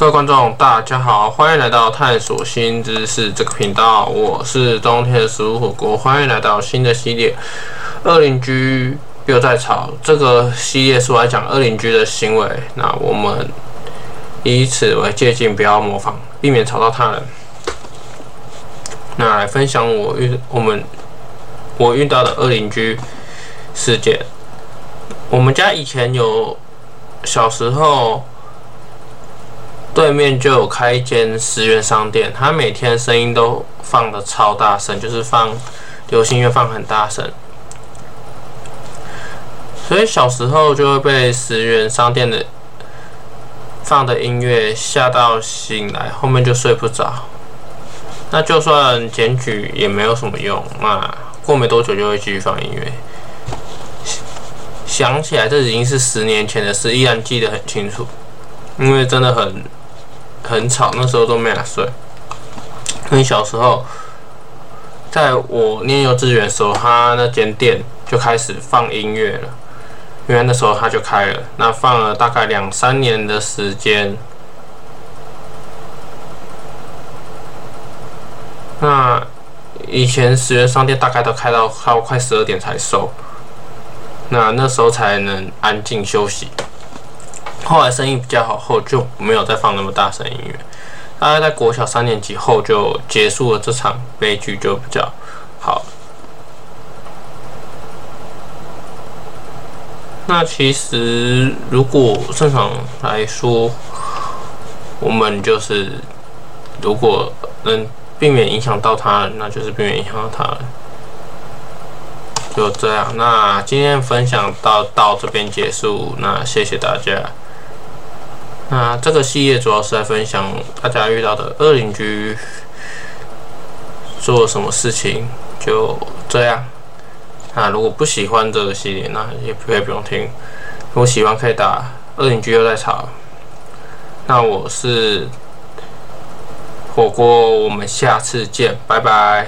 各位觀眾，大家好，歡迎來到探索新知識這個頻道。我是冬天的食物火鍋，歡迎來到新的系列。惡鄰居又在吵，這個系列是我來講惡鄰居的行為。那我們以此為借鑑，不要模仿，避免吵到他人。那來分享我遇我們我遇到的惡鄰居事件。我們家以前有小時候。對面就有開一間十元商店，他每天聲音都放得超大聲，就是放流行樂放很大聲，所以小時候就會被十元商店的放的音樂嚇到醒來，後面就睡不着。那就算檢舉也沒有什麼用，那過沒多久就會繼續放音樂。想起來這已經是十年前的事，依然記得很清楚，因為真的很。很吵，那時候都沒有睡。因為小時候，在我念幼稚園的時候，他那間店就開始放音樂了。因為那時候他就開了，那放了大概兩三年的時間。那以前十元商店大概都開到快十二點才收，那那時候才能安靜休息。後來生意比較好後就沒有再放那麼大聲音樂，大概在國小三年級後就結束了這場悲劇，就比較好。那其實如果正常來說，我們就是如果能避免影響到他，那就是避免影響到他。就這樣，那今天分享到到這邊結束，那謝謝大家。那這個系列主要是來分享大家遇到的惡鄰居做什麼事情，就這樣、啊。那如果不喜歡這個系列，那也也不用聽。如果喜歡可以打惡鄰居又在吵。那我是火鍋，我們下次見，拜拜。